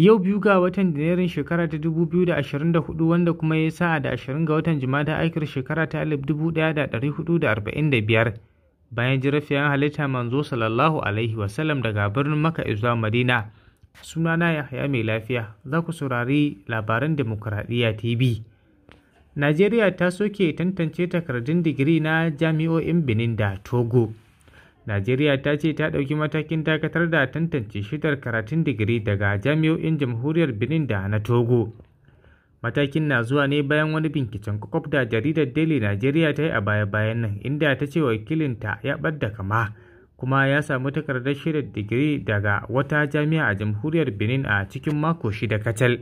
yau biyu ga watan janairun shekara ta 2024 wanda kuma ya sa'a da 20 ga watan ta aikir shekara ta 1445 bayan jirafiyan halitta manzo sallallahu alaihi wasallam daga birnin maka zuwa madina sunana yahaya mai lafiya za ku saurari labaran demokuraɗiyya tv najeriya ta soke tantance takardun digiri na jami'o'in benin da togo Najeriya ta ce ta ɗauki matakin dakatar da tantance shidar karatun digiri daga jami'o'in jamhuriyar Benin da na Togo. Matakin na zuwa ne bayan wani binciken kwakwaf da jaridar Daily Najeriya ta yi a baya-bayan nan inda ta ce wakilinta ya ɓadda kama kuma ya samu takardar shidar digiri daga wata jami'a a jamhuriyar Benin a cikin mako shida kacal.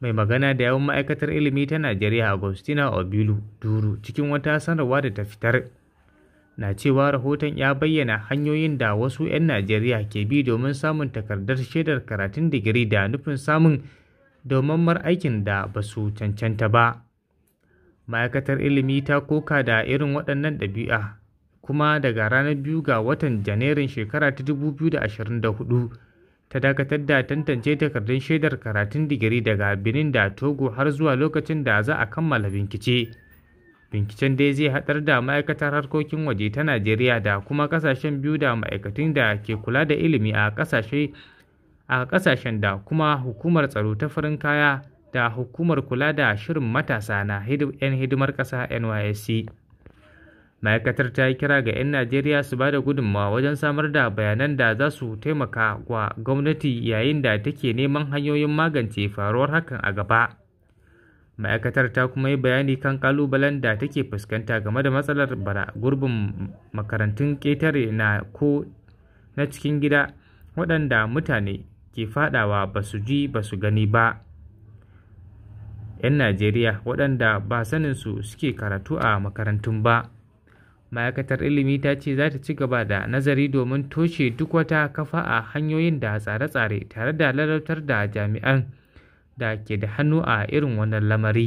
mai magana da yawan ma'aikatar ilimi ta najeriya agustina obilu duru cikin wata sanarwa da ta fitar na cewa rahoton ya bayyana hanyoyin da wasu 'yan Najeriya ke bi domin samun takardar shaidar karatun digiri da nufin samun mar aikin da ba su cancanta ba. Ma'aikatar ilimi ta koka da irin waɗannan ɗabi'a kuma daga ranar biyu ga watan Janairun shekara ta 2024. ta dakatar da tantance takardun shaidar karatun digiri daga Benin da Togo har zuwa lokacin da za a kammala bincike. binciken dai zai haɗar da ma'aikatar harkokin waje ta najeriya da kuma ƙasashen biyu da ma'aikatun da ke kula da ilimi a a ƙasashen da kuma hukumar tsaro ta farin kaya da hukumar kula da shirin matasa na 'yan hidimar ƙasa nysc ma'aikatar ta yi kira ga 'yan najeriya su ba da gudunmawa wajen samar da bayanan da za su taimaka wa gwamnati yayin da take neman hanyoyin magance faruwar hakan a gaba. ma'aikatar ta kuma yi bayani kan kalubalen da take fuskanta game da matsalar bara gurbin makarantun ƙetare na ko na cikin gida waɗanda mutane ke fadawa ba su ji ba su gani ba 'yan najeriya waɗanda ba sanin su suke karatu a makarantun ba ma'aikatar ilimi ta ce za ta ci gaba da nazari domin toshe duk wata kafa a hanyoyin da tsare-tsare tare da lalatar da jami'an da ke da hannu a irin wannan lamari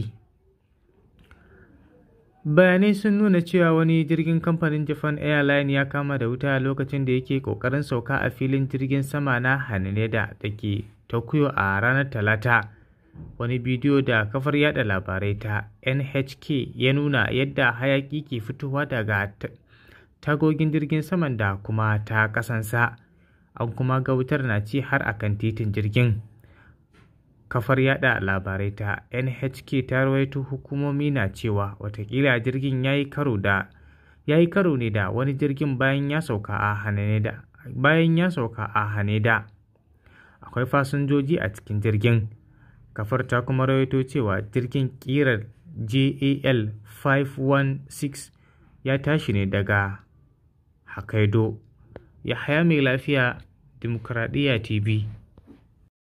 bayanai sun nuna cewa wani jirgin kamfanin japan airline ya kama da wuta lokacin da yake kokarin sauka a filin jirgin sama na haneda da ke tokyo a ranar talata wani bidiyo da kafar yada labarai ta nhk ya nuna yadda hayaki ke fitowa daga tagogin jirgin saman da kuma ta kasansa an kuma ga wutar na ci har akan titin jirgin kafar yada labarai ta nhk ta rawaito hukumomi na cewa watakila jirgin ya yi karo ne da wani jirgin bayan ya sauka a haneda bayan ya sauka a haneda akwai fasinjoji a cikin jirgin kafar ta kuma rawaito cewa jirgin kirar jal 516 ya tashi ne daga hakaido ya haya mai lafiya dimokuraɗiyya tv